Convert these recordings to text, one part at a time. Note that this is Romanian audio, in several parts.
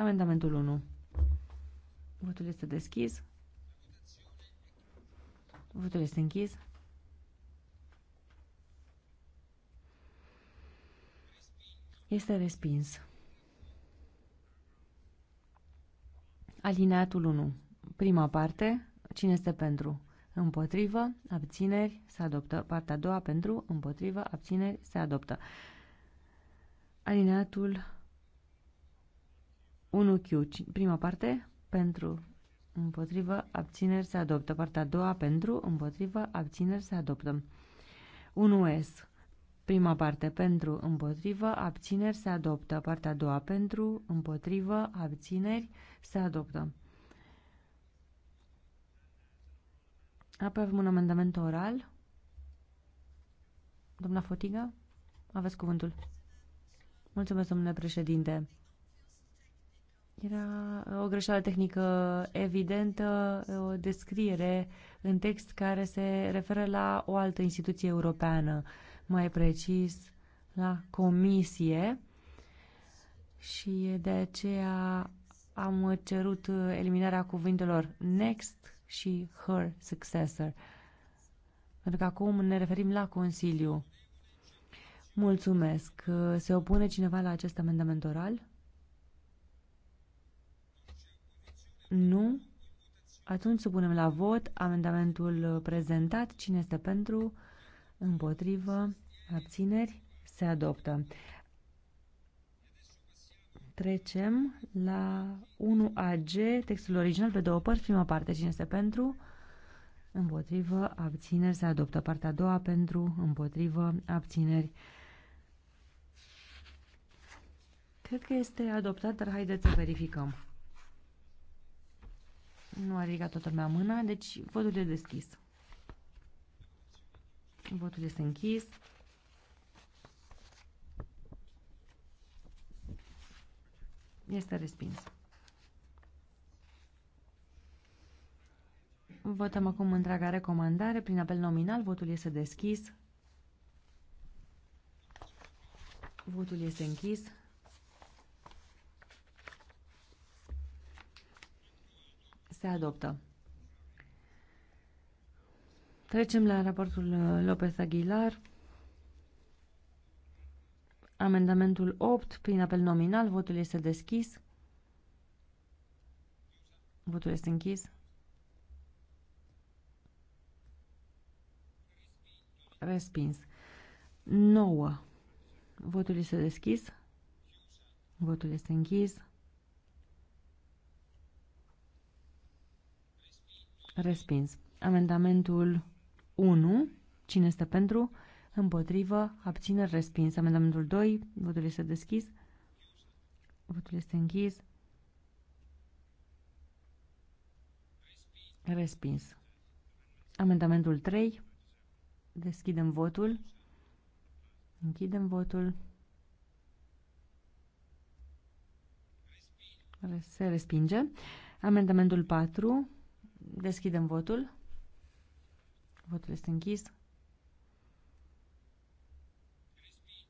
Amendamentul 1. Votul este deschis. Votul este închis. Este respins. Alineatul 1. Prima parte. Cine este pentru? Împotrivă, abțineri, se adoptă. Partea a doua pentru, împotrivă, abțineri, se adoptă. Alineatul 1Q, prima parte, pentru, împotrivă, abțineri se adoptă. Partea a doua, pentru, împotrivă, abțineri se adoptă. 1S, prima parte, pentru, împotrivă, abțineri se adoptă. Partea a doua, pentru, împotrivă, abțineri se adoptă. Apoi avem un amendament oral. Doamna Fotiga, aveți cuvântul. Mulțumesc, domnule președinte. Era uh, o greșeală tehnică evidentă, uh, o descriere în text care se referă la o altă instituție europeană, mai precis la comisie și de aceea am cerut uh, eliminarea cuvintelor next și her successor. Pentru că acum ne referim la Consiliu. Mulțumesc. Se opune cineva la acest amendament oral? Nu? Atunci supunem la vot amendamentul prezentat. Cine este pentru? Împotrivă? Abțineri? Se adoptă. Trecem la 1AG, textul original pe două părți. Prima parte, cine este pentru? Împotrivă, abțineri, se adoptă. Partea a doua pentru, împotrivă, abțineri. Cred că este adoptat, dar haideți să verificăm. Nu a ridicat toată lumea mâna, deci votul e deschis. Votul este închis. Este respins. Votăm acum întreaga recomandare prin apel nominal. Votul este deschis. Votul este închis. se adoptă. Trecem la raportul uh, Lopez Aguilar. Amendamentul 8, prin apel nominal, votul este deschis. Votul este închis. Respins. 9. Votul este deschis. Votul este închis. Respins. Amendamentul 1. Cine este pentru? Împotrivă. Abțineri. Respins. Amendamentul 2. Votul este deschis. Votul este închis. Respins. Amendamentul 3. Deschidem votul. Închidem votul. Se respinge. Amendamentul 4. Deschidem votul. Votul este închis.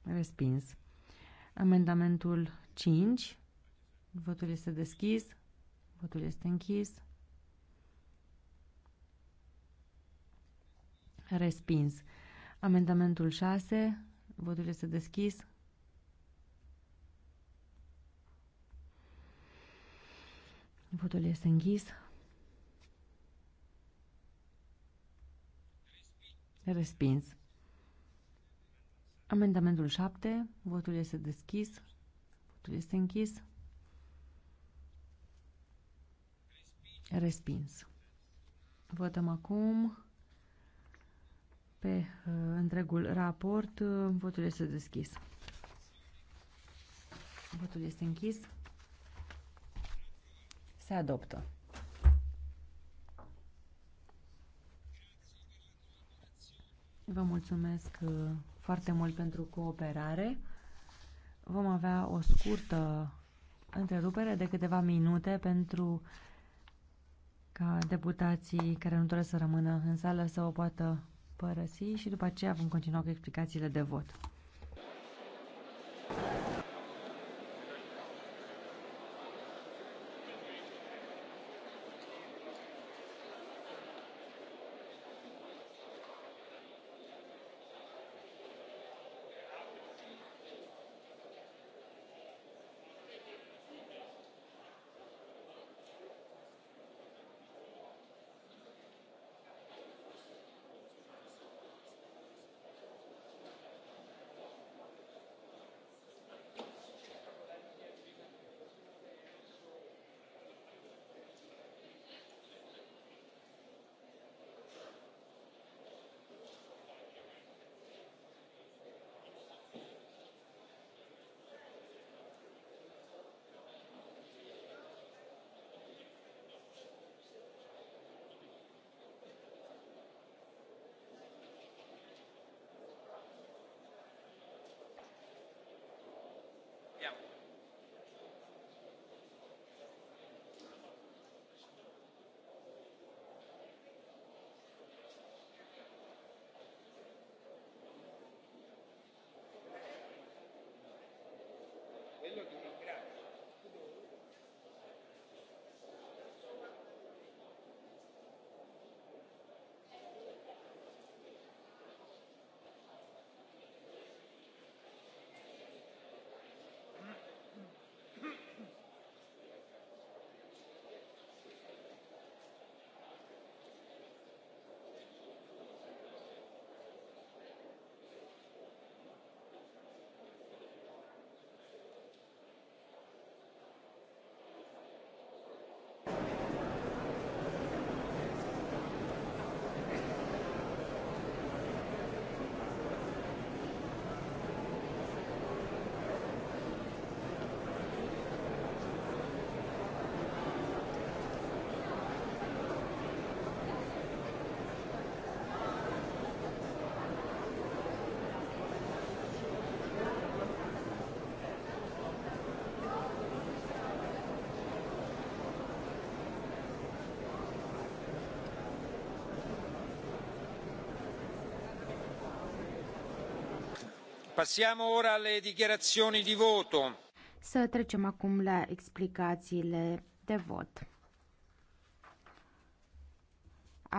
Respins. Amendamentul 5. Votul este deschis. Votul este închis. Respins. Amendamentul 6. Votul este deschis. Votul este închis. Respins. Amendamentul 7. Votul este deschis. Votul este închis. Respins. Votăm acum pe uh, întregul raport. Uh, votul este deschis. Votul este închis. Se adoptă. Vă mulțumesc uh, foarte mult pentru cooperare. Vom avea o scurtă întrerupere de câteva minute pentru ca deputații care nu doresc să rămână în sală să o poată părăsi și după aceea vom continua cu explicațiile de vot. Passiamo ora alle dichiarazioni di voto. Să trecem acum la explicațiile de vot.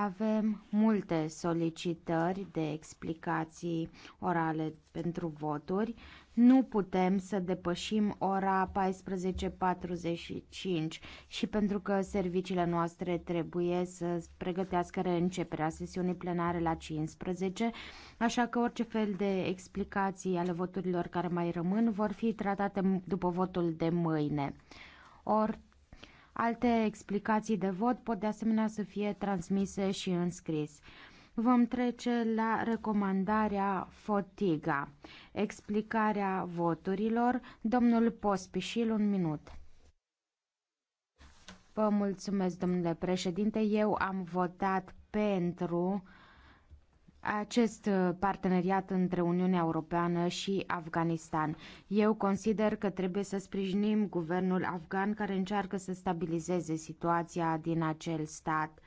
Avem multe solicitări de explicații orale pentru voturi. Nu putem să depășim ora 14.45 și pentru că serviciile noastre trebuie să pregătească reînceperea sesiunii plenare la 15, așa că orice fel de explicații ale voturilor care mai rămân vor fi tratate după votul de mâine. Ori Alte explicații de vot pot de asemenea să fie transmise și în scris. Vom trece la recomandarea FOTIGA, explicarea voturilor. Domnul Pospișil, un minut. Vă mulțumesc, domnule președinte. Eu am votat pentru acest uh, parteneriat între Uniunea Europeană și Afganistan. Eu consider că trebuie să sprijinim guvernul afgan care încearcă să stabilizeze situația din acel stat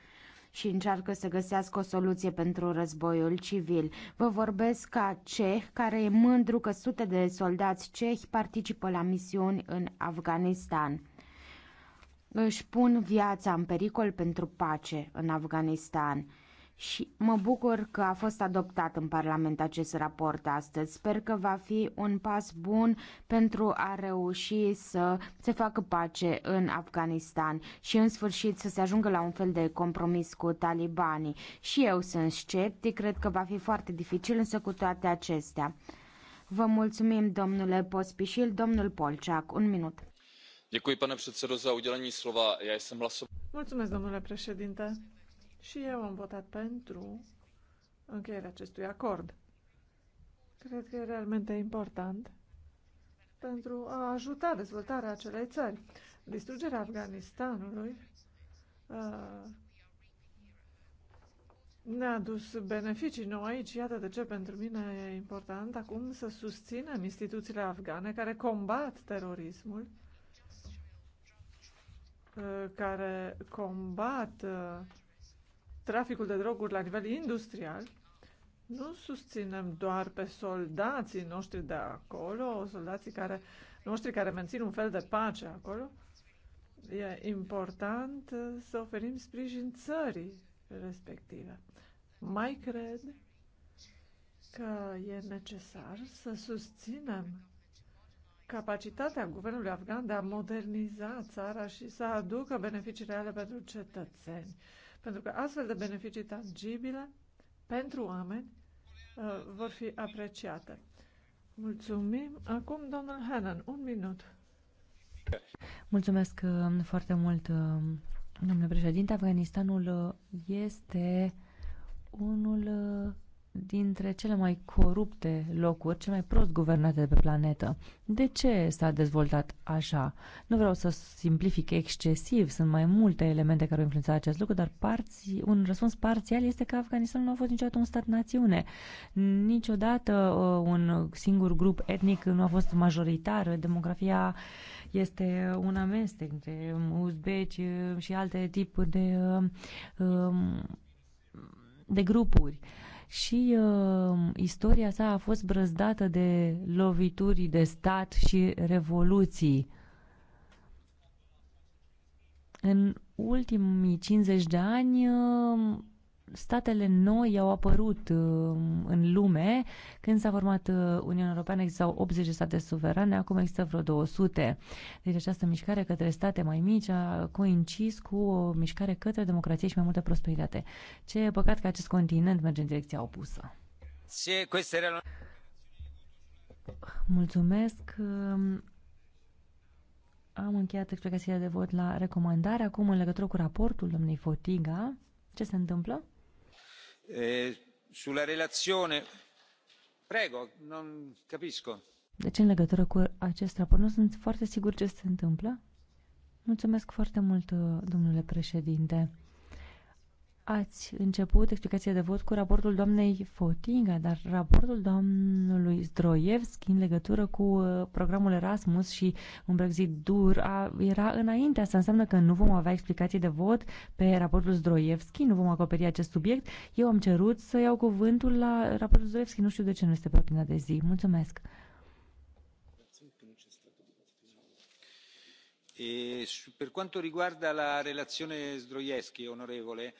și încearcă să găsească o soluție pentru războiul civil. Vă vorbesc ca ceh care e mândru că sute de soldați cehi participă la misiuni în Afganistan. Își pun viața în pericol pentru pace în Afganistan și mă bucur că a fost adoptat în Parlament acest raport astăzi. Sper că va fi un pas bun pentru a reuși să se facă pace în Afganistan și în sfârșit să se ajungă la un fel de compromis cu talibanii. Și eu sunt sceptic, cred că va fi foarte dificil, însă cu toate acestea. Vă mulțumim, domnule Pospișil, domnul Polceac, un minut. Děkuji, pane předsedo, za udělení slova. Já jsem hlasoval. Mulțumesc, domnule președinte și eu am votat pentru încheierea acestui acord. Cred că e realmente important pentru a ajuta dezvoltarea acelei țări. Distrugerea Afganistanului uh, ne-a dus beneficii noi aici. Iată de ce pentru mine e important acum să susținem instituțiile afgane care combat terorismul, uh, care combat uh, traficul de droguri la nivel industrial, nu susținem doar pe soldații noștri de acolo, soldații care, noștri care mențin un fel de pace acolo. E important să oferim sprijin țării respective. Mai cred că e necesar să susținem capacitatea guvernului afgan de a moderniza țara și să aducă beneficii reale pentru cetățeni pentru că astfel de beneficii tangibile pentru oameni uh, vor fi apreciate. Mulțumim. Acum, domnul Hannan, un minut. Mulțumesc uh, foarte mult, uh, domnule președinte. Afganistanul este unul dintre cele mai corupte locuri, cele mai prost guvernate de pe planetă. De ce s-a dezvoltat așa? Nu vreau să simplific excesiv, sunt mai multe elemente care au influențat acest lucru, dar parți, un răspuns parțial este că Afganistanul nu a fost niciodată un stat-națiune. Niciodată uh, un singur grup etnic nu a fost majoritar. Demografia este un amestec între um, uzbeci uh, și alte tipuri de, uh, um, de grupuri și uh, istoria sa a fost brăzdată de lovituri de stat și revoluții. În ultimii 50 de ani, uh, statele noi au apărut uh, în lume. Când s-a format uh, Uniunea Europeană existau 80 de state suverane, acum există vreo 200. Deci această mișcare către state mai mici a coincis cu o mișcare către democrație și mai multă prosperitate. Ce e păcat că acest continent merge în direcția opusă. Mulțumesc. Uh, am încheiat explicația de vot la recomandare. Acum, în legătură cu raportul domnului Fotiga, ce se întâmplă? E, eh, sulla relazione. Prego, non capisco. Deci în legătură cu acest raport nu sunt foarte sigur ce se întâmplă. Mulțumesc foarte mult, domnule președinte. Ați început explicația de vot cu raportul doamnei Fotinga, dar raportul domnului Zdroievski în legătură cu uh, programul Erasmus și un Brexit dur a, era înainte. Asta înseamnă că nu vom avea explicații de vot pe raportul Zdroievski, nu vom acoperi acest subiect. Eu am cerut să iau cuvântul la raportul Zdroievski, nu știu de ce nu este pe ordinea de zi. Mulțumesc! E, per quanto riguarda la relazione zdrojewski onorevole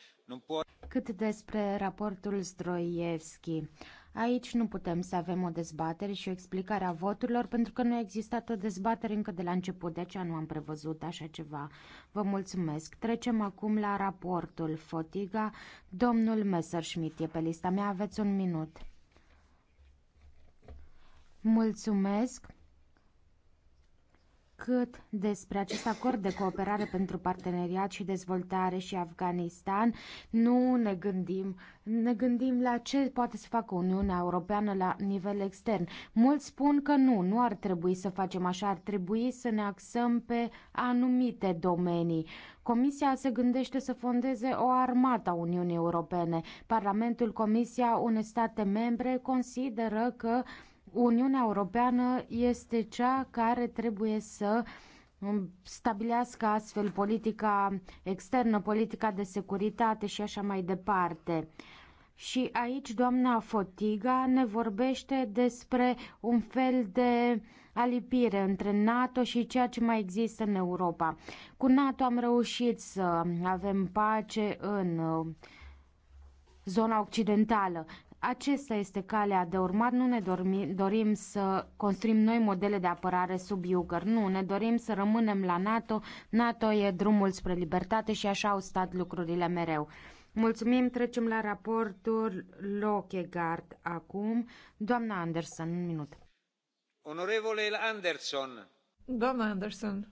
cât despre raportul Zdroievski, aici nu putem să avem o dezbatere și o explicare a voturilor pentru că nu a existat o dezbatere încă de la început, de aceea nu am prevăzut așa ceva. Vă mulțumesc. Trecem acum la raportul Fotiga. Domnul Messerschmidt e pe lista mea, aveți un minut. Mulțumesc cât despre acest acord de cooperare pentru parteneriat și dezvoltare și Afganistan, nu ne gândim. Ne gândim la ce poate să facă Uniunea Europeană la nivel extern. Mulți spun că nu, nu ar trebui să facem așa, ar trebui să ne axăm pe anumite domenii. Comisia se gândește să fondeze o armată a Uniunii Europene. Parlamentul, Comisia, unei state membre consideră că uh, Uniunea Europeană este cea care trebuie să stabilească astfel politica externă, politica de securitate și așa mai departe. Și aici doamna Fotiga ne vorbește despre un fel de alipire între NATO și ceea ce mai există în Europa. Cu NATO am reușit să avem pace în uh, zona occidentală, acesta este calea de urmat. Nu ne dormi, dorim să construim noi modele de apărare sub Iugăr. Nu, ne dorim să rămânem la NATO. NATO e drumul spre libertate și așa au stat lucrurile mereu. Mulțumim, trecem la raportul Lochegard acum. Doamna Anderson, un minut. Onorevole Anderson. Doamna Anderson,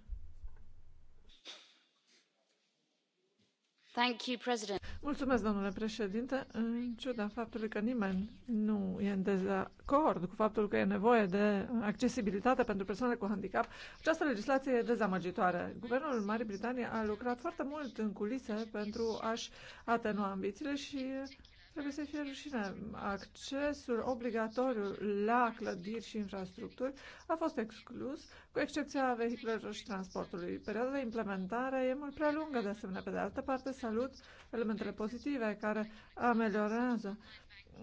Mulțumesc, domnule președinte. În ciuda faptului că nimeni nu e în dezacord cu faptul că e nevoie de accesibilitate pentru persoane cu handicap, această legislație e dezamăgitoare. Guvernul Marii Britanii a lucrat foarte mult în culise pentru a-și atenua ambițiile și Trebuie să fie rușine. Accesul obligatoriu la clădiri și infrastructuri a fost exclus, cu excepția vehiculelor și transportului. Perioada de implementare e mult prea lungă, de asemenea. Pe de altă parte, salut elementele pozitive care ameliorează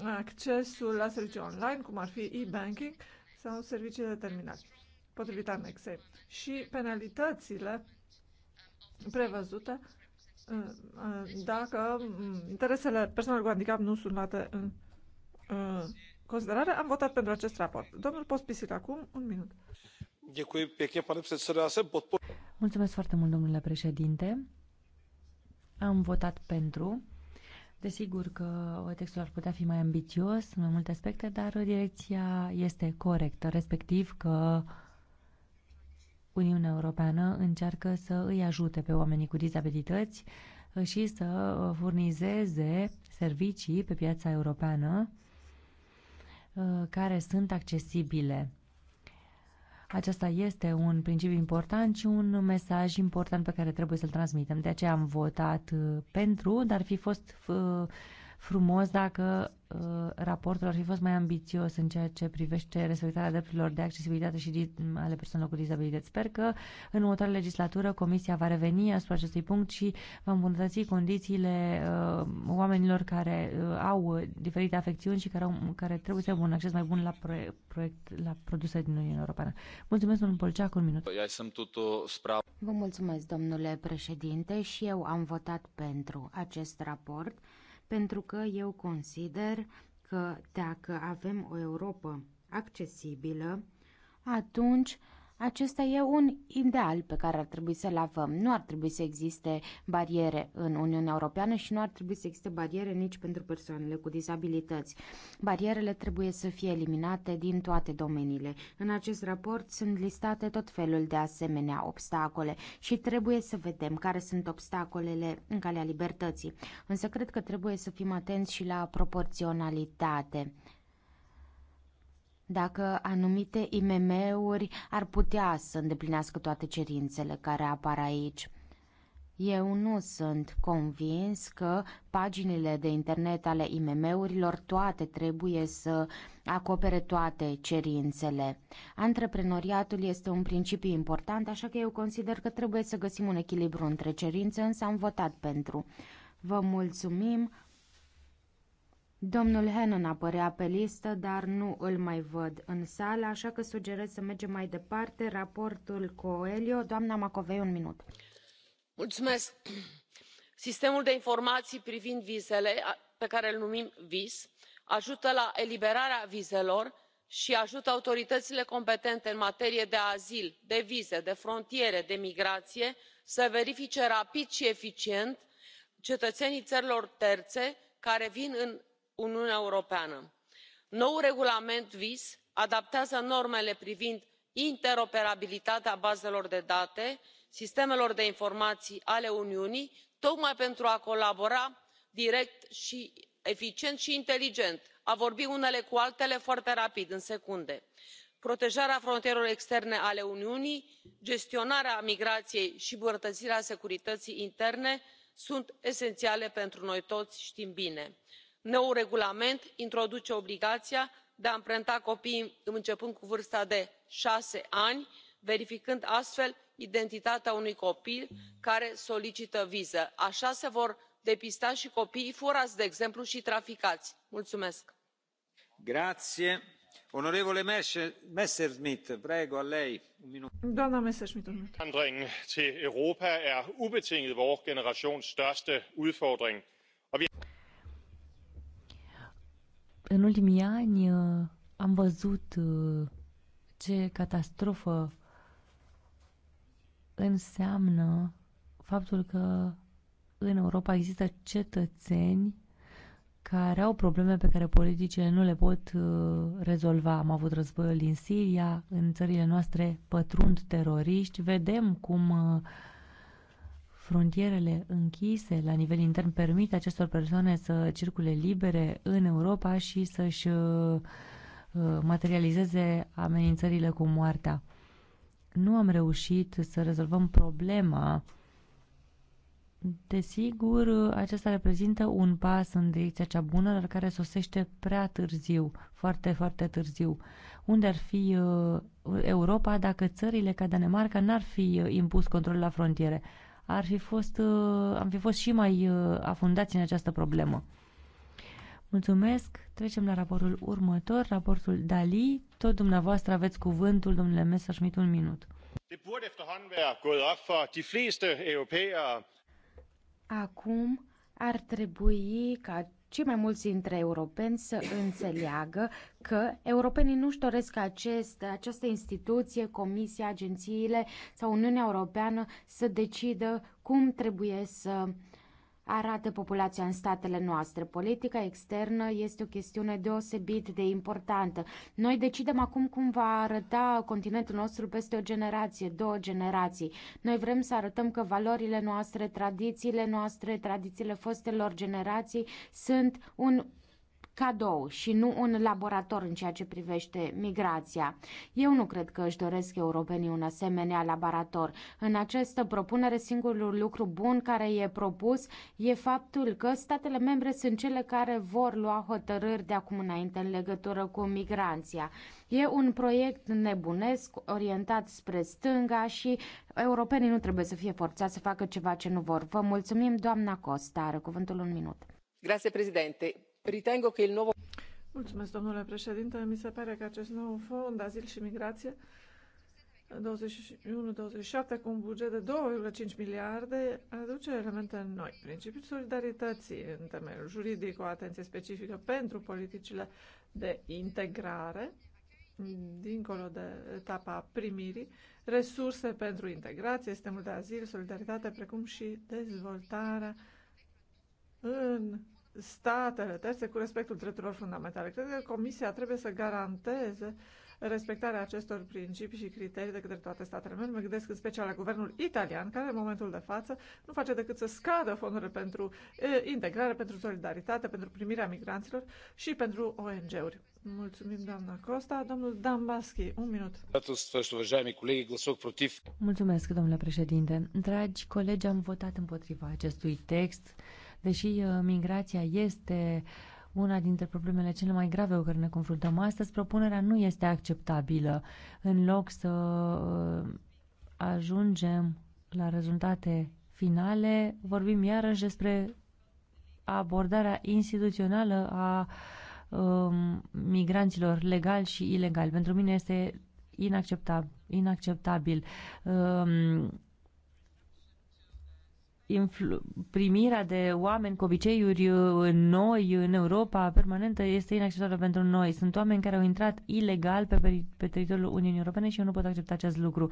accesul la servicii online, cum ar fi e-banking sau serviciile de terminal, potrivit anexei, și penalitățile prevăzute dacă interesele persoanelor cu handicap nu sunt luate în considerare, am votat pentru acest raport. Domnul Pospisit, acum un minut. Mulțumesc foarte mult, domnule președinte. Am votat pentru. Desigur că textul ar putea fi mai ambițios în mai multe aspecte, dar direcția este corectă, respectiv că Uniunea Europeană încearcă să îi ajute pe oamenii cu dizabilități uh, și să uh, furnizeze servicii pe piața europeană uh, care sunt accesibile. Acesta este un principiu important și un mesaj important pe care trebuie să-l transmitem. De aceea am votat pentru, dar fi fost frumos dacă uh, raportul ar fi fost mai ambițios în ceea ce privește respectarea drepturilor de accesibilitate și ale persoanelor cu dizabilități. Sper că în următoarea legislatură Comisia va reveni asupra acestui punct și va îmbunătăți condițiile uh, oamenilor care uh, au diferite afecțiuni și care, au, care trebuie să aibă un acces mai bun la proiect, proiect la produse din Uniunea Europeană. Mulțumesc, domnul Polceac, un minut. Vă mulțumesc, domnule președinte, și eu am votat pentru acest raport pentru că eu consider că dacă avem o Europa accesibilă, atunci acesta e un ideal pe care ar trebui să-l avem. Nu ar trebui să existe bariere în Uniunea Europeană și nu ar trebui să existe bariere nici pentru persoanele cu dizabilități. Barierele trebuie să fie eliminate din toate domeniile. În acest raport sunt listate tot felul de asemenea obstacole și trebuie să vedem care sunt obstacolele în calea libertății. Însă cred că trebuie să fim atenți și la proporționalitate dacă anumite IMM-uri ar putea să îndeplinească toate cerințele care apar aici. Eu nu sunt convins că paginile de internet ale IMM-urilor toate trebuie să acopere toate cerințele. Antreprenoriatul este un principiu important, așa că eu consider că trebuie să găsim un echilibru între cerințe, însă am votat pentru. Vă mulțumim, Domnul Hennen apărea pe listă, dar nu îl mai văd în sală, așa că sugerez să mergem mai departe. Raportul Coelho, doamna Macovei, un minut. Mulțumesc. Sistemul de informații privind vizele, pe care îl numim VIS, ajută la eliberarea vizelor și ajută autoritățile competente în materie de azil, de vize, de frontiere, de migrație să verifice rapid și eficient cetățenii țărilor terțe care vin în uniunea europeană. noul regulament vis adaptează normele privind interoperabilitatea bazelor de date sistemelor de informații ale uniunii tocmai pentru a colabora direct și eficient și inteligent a vorbi unele cu altele foarte rapid în secunde protejarea frontierelor externe ale uniunii gestionarea migrației și îmbunătățirea securității interne sunt esențiale pentru noi toți știm bine noul regulament introduce obligația de a amprenta copiii începând cu vârsta de șase ani verificând astfel identitatea unui copil care solicită viză. așa se vor depista și copiii furați de exemplu și traficați. mulțumesc. În ultimii ani uh, am văzut uh, ce catastrofă înseamnă faptul că în Europa există cetățeni care au probleme pe care politicile nu le pot uh, rezolva. Am avut războiul din Siria, în țările noastre pătrund teroriști, vedem cum uh, Frontierele închise la nivel intern permit acestor persoane să circule libere în Europa și să-și uh, uh, materializeze amenințările cu moartea. Nu am reușit să rezolvăm problema. Desigur, acesta reprezintă un pas în direcția cea bună, dar care sosește prea târziu, foarte, foarte târziu. Unde ar fi uh, Europa dacă țările ca Danemarca n-ar fi impus control la frontiere? ar fi fost, uh, am fi fost și mai uh, afundați în această problemă. Mulțumesc. Trecem la raportul următor, raportul Dali. Tot dumneavoastră aveți cuvântul, domnule Messerschmidt, un minut. Acum ar trebui ca cei mai mulți dintre europeni să înțeleagă că europenii nu-și doresc acest, această instituție, comisia, agențiile sau Uniunea Europeană să decidă cum trebuie să arată populația în statele noastre. Politica externă este o chestiune deosebit de importantă. Noi decidem acum cum va arăta continentul nostru peste o generație, două generații. Noi vrem să arătăm că valorile noastre, tradițiile noastre, tradițiile fostelor generații sunt un cadou și nu un laborator în ceea ce privește migrația. Eu nu cred că își doresc europenii un asemenea laborator. În această propunere, singurul lucru bun care e propus e faptul că statele membre sunt cele care vor lua hotărâri de acum înainte în legătură cu migranția. E un proiect nebunesc, orientat spre stânga și europenii nu trebuie să fie forțați să facă ceva ce nu vor. Vă mulțumim, doamna Costa. Are cuvântul un minut. Grazie, președinte Ritengo Mulțumesc, domnule președinte. Mi se pare că acest nou fond, azil și migrație, 21-27, cu un buget de 2,5 miliarde, aduce elemente noi. Principiul solidarității în temeiul juridic, o atenție specifică pentru politicile de integrare, dincolo de etapa primirii, resurse pentru integrație, sistemul de azil, solidaritate, precum și dezvoltarea în statele terțe cu respectul drepturilor fundamentale. Cred că Comisia trebuie să garanteze respectarea acestor principii și criterii de către toate statele membre. Mă gândesc în special la guvernul italian, care în momentul de față nu face decât să scadă fondurile pentru e, integrare, pentru solidaritate, pentru primirea migranților și pentru ONG-uri. Mulțumim, doamna Costa. Domnul Dan Baschi, un minut. Mulțumesc, domnule președinte. Dragi colegi, am votat împotriva acestui text Deși uh, migrația este una dintre problemele cele mai grave cu care ne confruntăm astăzi, propunerea nu este acceptabilă. În loc să uh, ajungem la rezultate finale, vorbim iarăși despre abordarea instituțională a um, migranților legal și ilegal. Pentru mine este inacceptabil. inacceptabil. Um, primirea de oameni cu obiceiuri uh, noi în Europa permanentă este inacceptabilă pentru noi. Sunt oameni care au intrat ilegal pe, pe teritoriul Uniunii Europene și eu nu pot accepta acest lucru.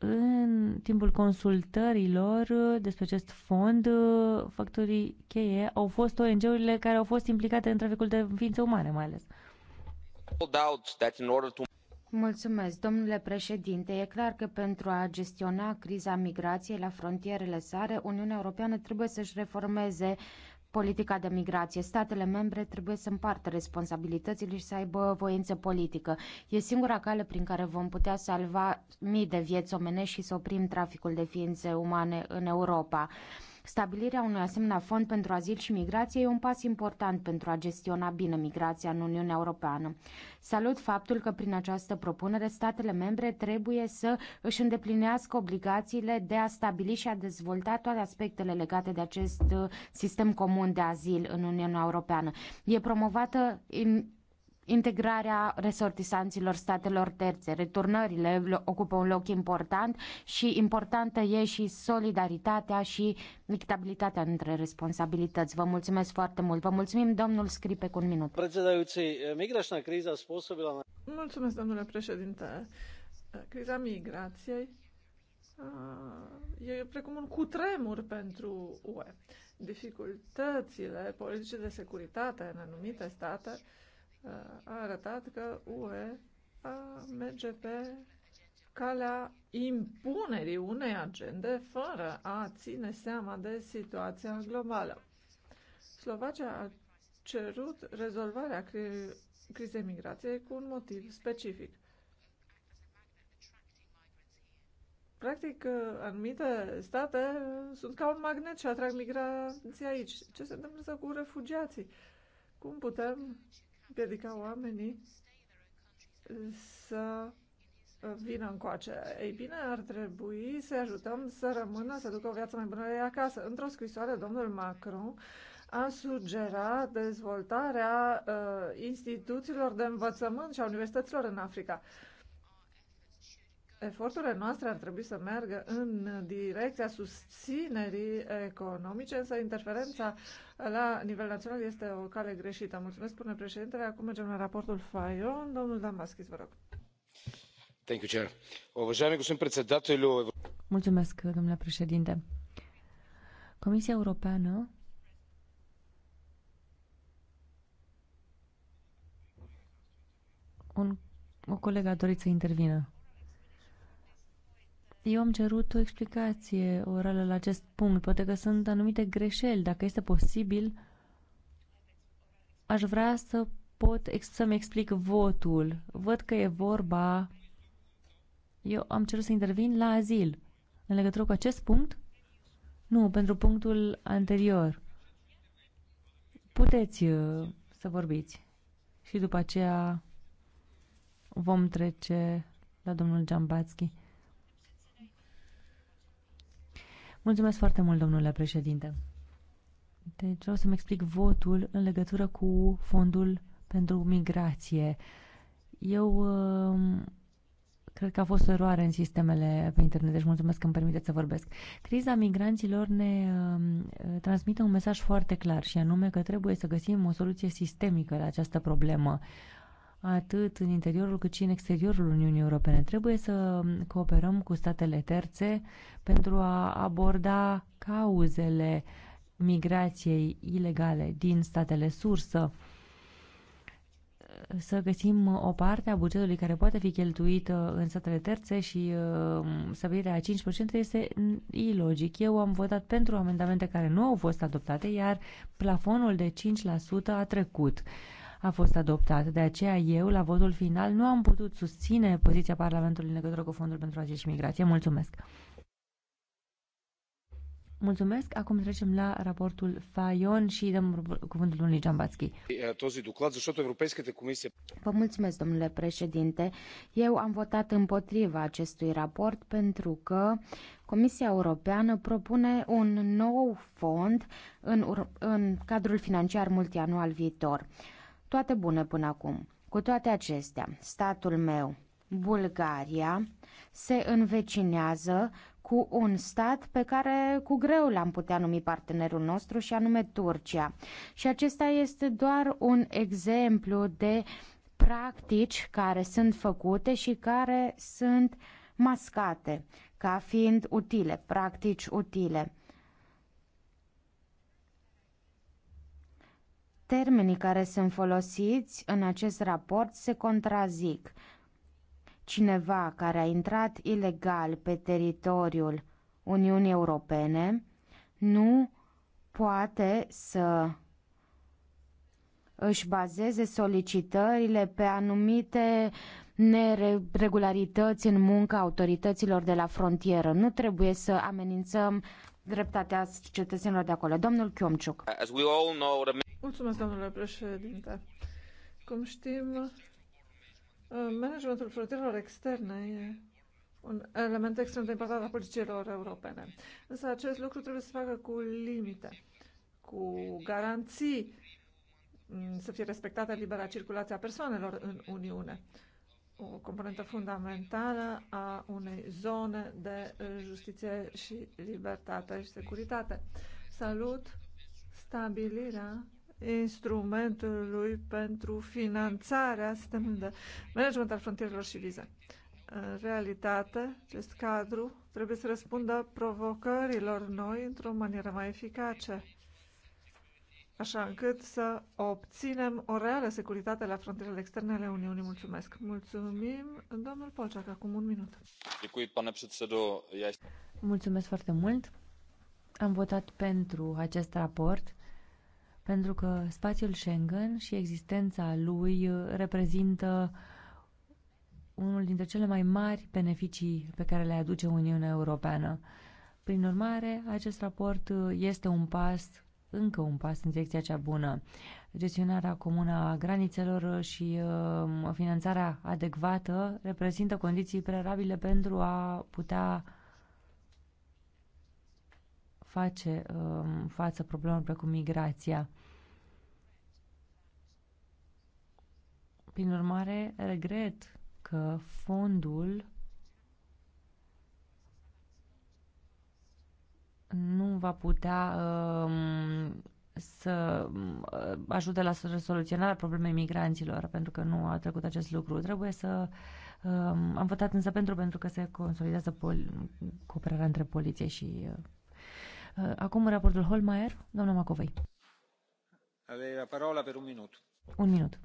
În timpul consultărilor uh, despre acest fond, uh, factorii cheie au fost ONG-urile care au fost implicate în traficul de ființe umane, mai ales. Mulțumesc, domnule președinte. E clar că pentru a gestiona criza migrației la frontierele sare, Uniunea Europeană trebuie să-și reformeze politica de migrație. Statele membre trebuie să împartă responsabilitățile și să aibă voință politică. E singura cale prin care vom putea salva mii de vieți omenești și să oprim traficul de ființe umane în Europa. Stabilirea unui asemenea fond pentru azil și migrație e un pas important pentru a gestiona bine migrația în Uniunea Europeană. Salut faptul că prin această propunere statele membre trebuie să își îndeplinească obligațiile de a stabili și a dezvolta toate aspectele legate de acest uh, sistem comun de azil în Uniunea Europeană. E promovată integrarea resortisanților statelor terțe. Returnările ocupă un loc important și importantă e și solidaritatea și echitabilitatea între responsabilități. Vă mulțumesc foarte mult. Vă mulțumim, domnul Scripe, cu un minut. Mulțumesc, domnule președinte. Criza migrației e precum un cutremur pentru UE. Dificultățile politice de securitate în anumite state a arătat că UE a merge pe calea impunerii unei agende fără a ține seama de situația globală. Slovacia a cerut rezolvarea cri- crizei migrației cu un motiv specific. Practic, anumite state sunt ca un magnet și atrag migrații aici. Ce se întâmplă cu refugiații? Cum putem împiedica oamenii să vină încoace. Ei bine, ar trebui să ajutăm să rămână, să ducă o viață mai bună de acasă. Într-o scrisoare, domnul Macron a sugerat dezvoltarea uh, instituțiilor de învățământ și a universităților în Africa. Uh, Eforturile noastre ar trebui să meargă în direcția susținerii economice, însă interferența la nivel național este o cale greșită. Mulțumesc, spune președintele. Acum mergem la raportul Fayon. Domnul Damaschis, vă rog. Thank you, Chair. Уважаеми господин председателю... Mulțumesc, domnule președinte. Comisia Europeană un, o colegă a dorit să intervină. Eu am cerut o explicație orală la acest punct. Poate că sunt anumite greșeli. Dacă este posibil, aș vrea să pot să-mi explic votul. Văd că e vorba... Eu am cerut să intervin la azil. În legătură cu acest punct? Nu, pentru punctul anterior. Puteți uh, să vorbiți. Și după aceea vom trece la domnul Giambatski. Mulțumesc foarte mult, domnule președinte. Deci vreau să-mi explic votul în legătură cu fondul pentru migrație. Eu um, cred că a fost o eroare în sistemele pe internet, deci mulțumesc că îmi permiteți să vorbesc. Criza migranților ne um, transmite un mesaj foarte clar și anume că trebuie să găsim o soluție sistemică la această problemă atât în interiorul cât și în exteriorul Uniunii Europene. Trebuie să cooperăm cu statele terțe pentru a aborda cauzele migrației ilegale din statele sursă, să găsim o parte a bugetului care poate fi cheltuită în statele terțe și uh, stabilirea a 5% este ilogic. Eu am votat pentru amendamente care nu au fost adoptate, iar plafonul de 5% a trecut. Uh, a fost adoptat. De aceea eu, la votul final, nu am putut susține poziția Parlamentului în legătură cu Fondul pentru Azil și Migrație. Mulțumesc! Mulțumesc. Acum trecem la raportul Fayon și dăm cuvântul lui Jambatski. Vă mulțumesc, domnule președinte. Eu am votat împotriva acestui raport pentru că Comisia Europeană propune un nou fond în, în cadrul financiar multianual viitor. Toate bune până acum. Cu toate acestea, statul meu, Bulgaria, se învecinează cu un stat pe care cu greu l-am putea numi partenerul nostru și anume Turcia. Și acesta este doar un exemplu de practici care sunt făcute și care sunt mascate ca fiind utile, practici utile. Termenii care sunt folosiți în acest raport se contrazic. Cineva care a intrat ilegal pe teritoriul Uniunii Europene nu poate să își bazeze solicitările pe anumite neregularități în munca autorităților de la frontieră. Nu trebuie să amenințăm dreptatea cetățenilor de acolo. Domnul Chiomciuc. Mulțumesc, domnule președinte. Cum știm, uh, managementul frontierelor externe e un element extrem de important al politicilor europene. Însă acest lucru trebuie să se facă cu limite, cu garanții mm, să fie respectată libera circulație a persoanelor în Uniune, o componentă fundamentală a unei zone de justiție și libertate și securitate. Salut stabilirea instrumentului pentru finanțarea sistemului de management al frontierelor și vize. În realitate, acest cadru trebuie să răspundă provocărilor noi într-o manieră mai eficace, așa încât să obținem o reală securitate la frontierele externe ale Uniunii. Mulțumesc! Mulțumim, domnul Polceac, acum un minut. Mulțumesc foarte mult! Am votat pentru acest raport pentru că spațiul Schengen și existența lui uh, reprezintă unul dintre cele mai mari beneficii pe care le aduce Uniunea Europeană. Prin urmare, acest raport uh, este un pas, încă un pas în direcția cea bună. Gestionarea comună a granițelor uh, și uh, finanțarea adecvată reprezintă condiții prealabile pentru a putea face uh, față problemelor precum migrația. Prin urmare, regret că fondul nu va putea um, să um, ajute la soluționarea problemei migranților, pentru că nu a trecut acest lucru. Trebuie să... Um, am votat însă pentru, pentru că se consolidează pol- cooperarea între poliție și... Uh, uh acum raportul Holmeier, doamna Macovei. Avei la parola per un minut. Un minut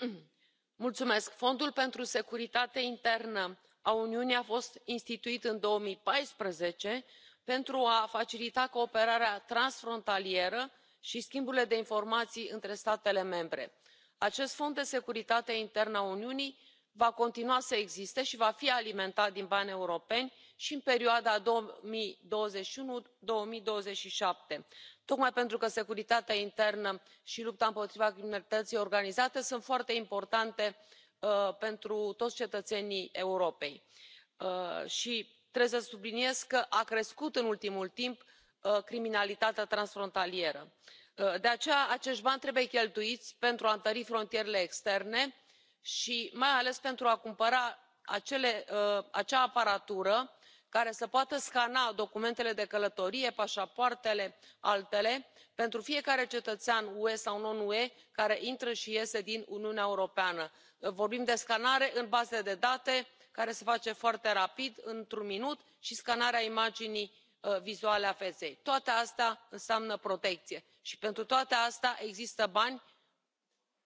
domnule președinte fondul pentru securitate internă a uniunii a fost instituit în două mii paisprezece pentru a facilita cooperarea transfrontalieră și schimburile de informații între statele membre. acest fond de securitate internă a uniunii va continua să existe și va fi alimentat din bani europeni și în perioada două mii douăzeci și unu două mii douăzeci și șapte tocmai pentru că securitatea internă și lupta împotriva criminalității organizate sunt foarte importante uh, pentru toți cetățenii europei uh, și trebuie să subliniez că a crescut în ultimul timp uh, criminalitatea transfrontalieră. de aceea acești bani trebuie cheltuiți pentru a întări frontierele externe și mai ales pentru a cumpăra acea aparatură care să poată scana documentele de călătorie pașapoartele altele pentru fiecare cetățean ue sau non ue care intră și iese din uniunea europeană. vorbim de scanare în baze de date care se face foarte rapid într un minut și scanarea imaginii uh, vizuale a feței. toate astea înseamnă protecție și pentru toate astea există bani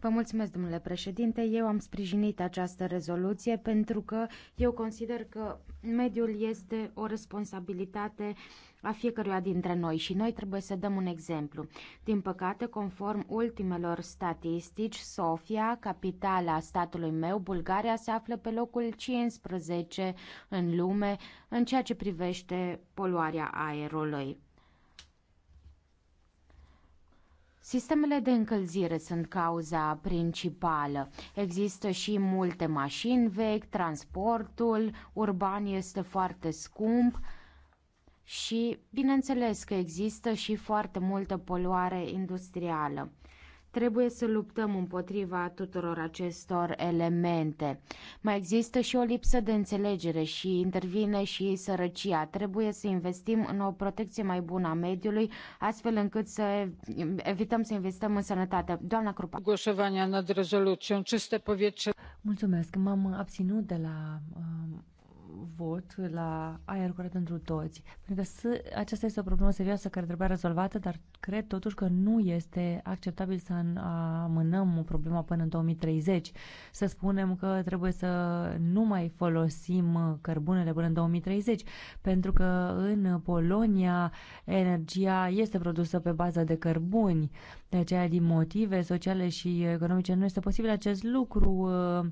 Vă mulțumesc, domnule președinte. Eu am sprijinit această rezoluție pentru că eu consider că mediul este o responsabilitate a fiecăruia dintre noi și noi trebuie să dăm un exemplu. Din păcate, conform ultimelor statistici, Sofia, capitala statului meu, Bulgaria, se află pe locul 15 în lume în ceea ce privește poluarea aerului. Sistemele de încălzire sunt cauza principală. Există și multe mașini vechi, transportul urban este foarte scump și, bineînțeles, că există și foarte multă poluare industrială. Trebuie să luptăm împotriva tuturor acestor elemente. Mai există și o lipsă de înțelegere și intervine și sărăcia. Trebuie să investim în o protecție mai bună a mediului, astfel încât să evităm să investăm în sănătate. Doamna Crupa. Mulțumesc. M-am abținut de la um, vot la aer curat pentru toți. Pentru că aceasta este o problemă serioasă care trebuia rezolvată, dar cred totuși că nu este acceptabil să amânăm problema până în 2030. Să spunem că trebuie să nu mai folosim cărbunele până în 2030, pentru că în Polonia energia este produsă pe bază de cărbuni. De aceea, din motive sociale și economice, nu este posibil acest lucru. Uh,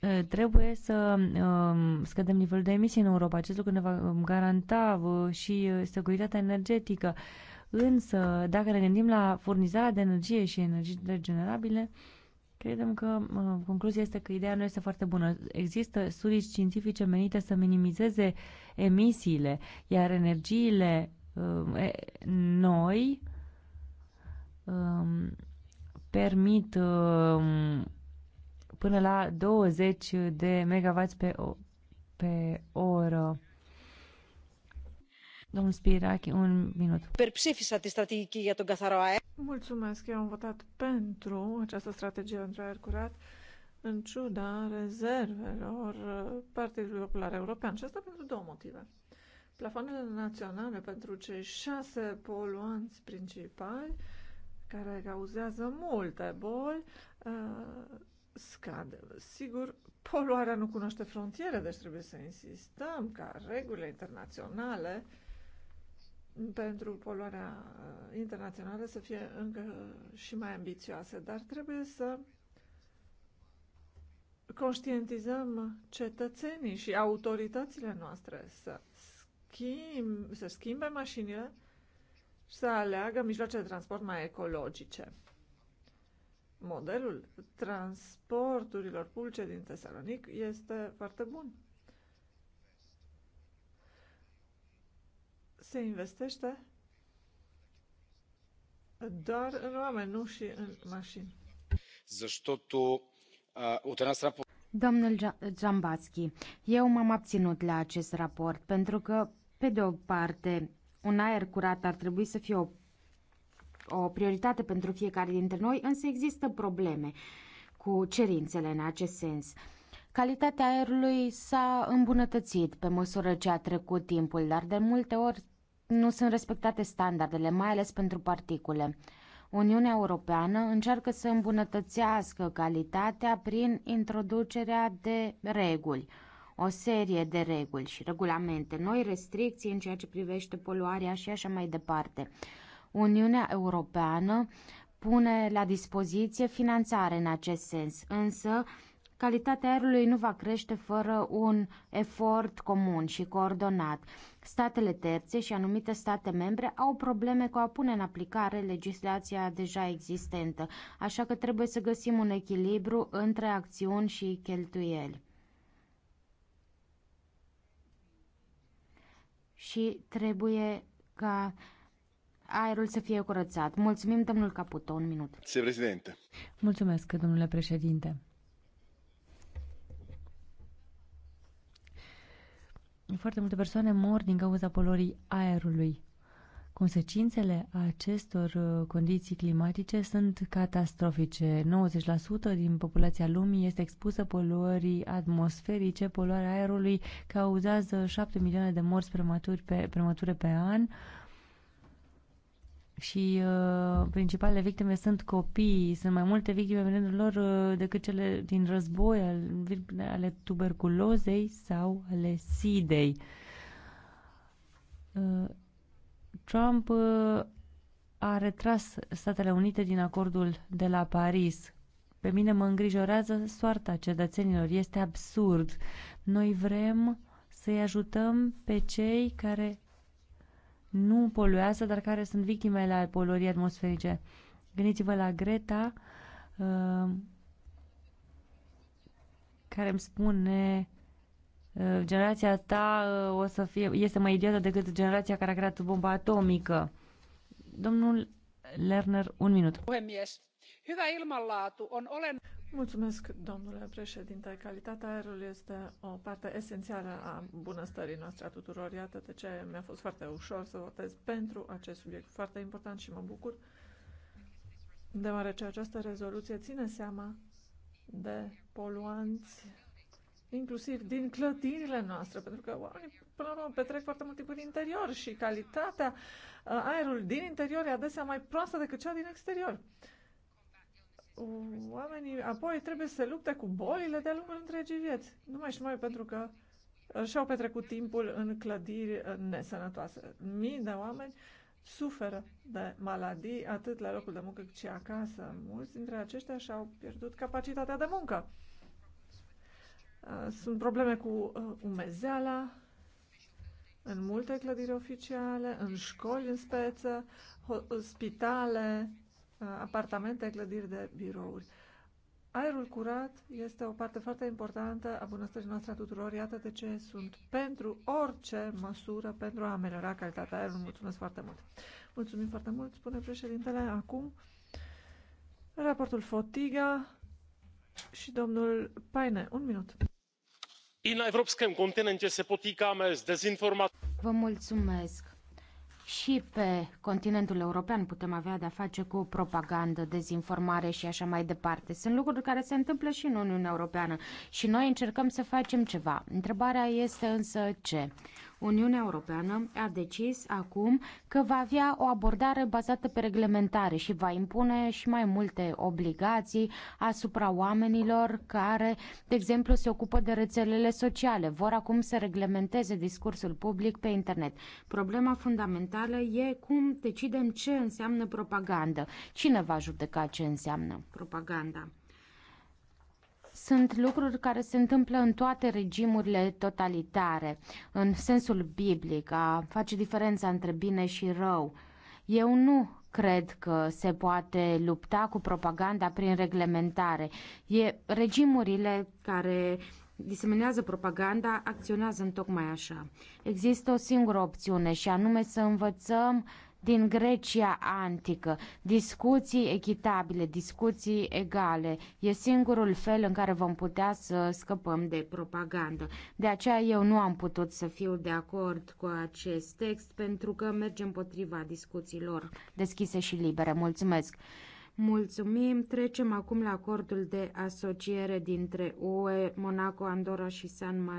Eh, trebuie să ehm, scădem nivelul de emisii în Europa. Acest lucru ne va ehm, garanta și eh, securitatea energetică. Însă, dacă ne gândim la furnizarea de energie și energii regenerabile, credem că concluzia este că ideea nu este foarte bună. Există studii științifice menite să minimizeze emisiile, iar energiile ehm, noi permit până la 20 de MW pe, pe oră. Domnul Spirachi, un minut. Perpsifisa strategie pentru τον καθαρό Mulțumesc, eu am votat pentru această strategie pentru aer curat în ciuda rezervelor Partidului Popular European. Și asta pentru două motive. Plafonele naționale pentru cei șase poluanți principali care cauzează multe boli scade. Sigur, poluarea nu cunoaște frontiere, deci trebuie să insistăm ca regulile internaționale pentru poluarea uh, internațională să fie încă și mai ambițioase, dar trebuie să conștientizăm cetățenii și autoritățile noastre să, schimb, să schimbe mașinile și să aleagă mijloace de transport mai ecologice modelul transporturilor publice din Tesalonic este foarte bun. Se investește doar în oameni, nu și în mașini. Защото от една страна Domnul Zambatski, eu m-am abținut la acest raport pentru că, pe de o parte, un aer curat ar trebui să fie o o prioritate pentru fiecare dintre noi, însă există probleme cu cerințele în acest sens. Calitatea aerului s-a îmbunătățit pe măsură ce a trecut timpul, dar de multe ori nu sunt respectate standardele, mai ales pentru particule. Uniunea Europeană încearcă să îmbunătățească calitatea prin introducerea de reguli, o serie de reguli și regulamente, noi restricții în ceea ce privește poluarea și așa mai departe. Uniunea Europeană pune la dispoziție finanțare în acest sens, însă calitatea aerului nu va crește fără un efort comun și coordonat. Statele terțe și anumite state membre au probleme cu a pune în aplicare legislația deja existentă, așa că trebuie să găsim un echilibru între acțiuni și cheltuieli. Și trebuie ca uh, aerul să fie curățat. Mulțumim, domnul Caputo, un minut. Se președinte. Mulțumesc, domnule președinte. Foarte multe persoane mor din cauza polorii aerului. Consecințele acestor uh, condiții climatice sunt catastrofice. 90% din populația lumii este expusă poluării atmosferice. Poluarea aerului cauzează 7 milioane de morți prematuri pe, premature pe an și uh, principalele victime sunt copii, Sunt mai multe victime în rândul lor uh, decât cele din război, ale, ale tuberculozei sau ale sidei. Uh, Trump uh, a retras Statele Unite din acordul de la Paris. Pe mine mă îngrijorează soarta cetățenilor. Este absurd. Noi vrem să-i ajutăm pe cei care nu poluează, dar care sunt victimele ale poluării atmosferice. Gândiți-vă la Greta, uh, care îmi spune uh, generația ta uh, o să fie, este mai idiotă decât generația care a creat bomba atomică. Domnul Lerner, un minut. Puhemies. Hyvä ilmanlaatu on olen... Mulțumesc, domnule președinte. Calitatea aerului este o parte esențială a bunăstării noastre a tuturor. Iată de ce mi-a fost foarte ușor să votez pentru acest subiect foarte important și mă bucur, deoarece această rezoluție ține seama de poluanți, inclusiv din clădirile noastre, pentru că oamenii, până la urmă, petrec foarte mult timp în interior și calitatea uh, aerului din interior e adesea mai proastă decât cea din exterior. Uh, oamenii apoi trebuie să lupte cu bolile de-a lungul întregii vieți. Numai și mai pentru că uh, și-au petrecut timpul în clădiri uh, nesănătoase. Mii de oameni suferă de maladii atât la locul de muncă cât și acasă. Mulți dintre aceștia și-au pierdut capacitatea de muncă. Uh, sunt probleme cu umezeala în multe clădiri oficiale, în școli în speță, spitale, Uh, apartamente, clădiri de birouri. Aerul curat este o parte foarte importantă a bunăstării noastre a tuturor. Iată de ce sunt pentru orice măsură pentru a ameliora calitatea aerului. Mulțumesc foarte mult. Mulțumim foarte mult, spune președintele. Acum, raportul Fotiga și domnul Paine. Un minut. În na evropskem se potýkáme s dezinformacjami. Vă mulțumesc și pe continentul european putem avea de-a face cu propagandă, dezinformare și așa mai departe. Sunt lucruri care se întâmplă și în Uniunea Europeană și noi încercăm să facem ceva. Întrebarea este însă ce? Uniunea Europeană a decis acum că va avea o abordare bazată pe reglementare și va impune și mai multe obligații asupra oamenilor care, de exemplu, se ocupă de rețelele sociale. Vor acum să reglementeze discursul public pe internet. Problema fundamentală e cum decidem ce înseamnă propagandă. Cine va judeca ce înseamnă propaganda? Sunt lucruri care se întâmplă în toate regimurile totalitare, în sensul biblic, a face diferența între bine și rău. Eu nu cred că se poate lupta cu propaganda prin reglementare. E regimurile care diseminează propaganda acționează în tocmai așa. Există o singură opțiune și anume să învățăm uh, din Grecia antică. Discuții echitabile, discuții egale. E singurul fel în care vom putea să scăpăm de propagandă. De aceea eu nu am putut să fiu de acord cu acest text pentru că merge împotriva discuțiilor deschise și libere. Mulțumesc! Mulțumim. Trecem acum la acordul de asociere dintre UE, Monaco, Andorra și San Marino.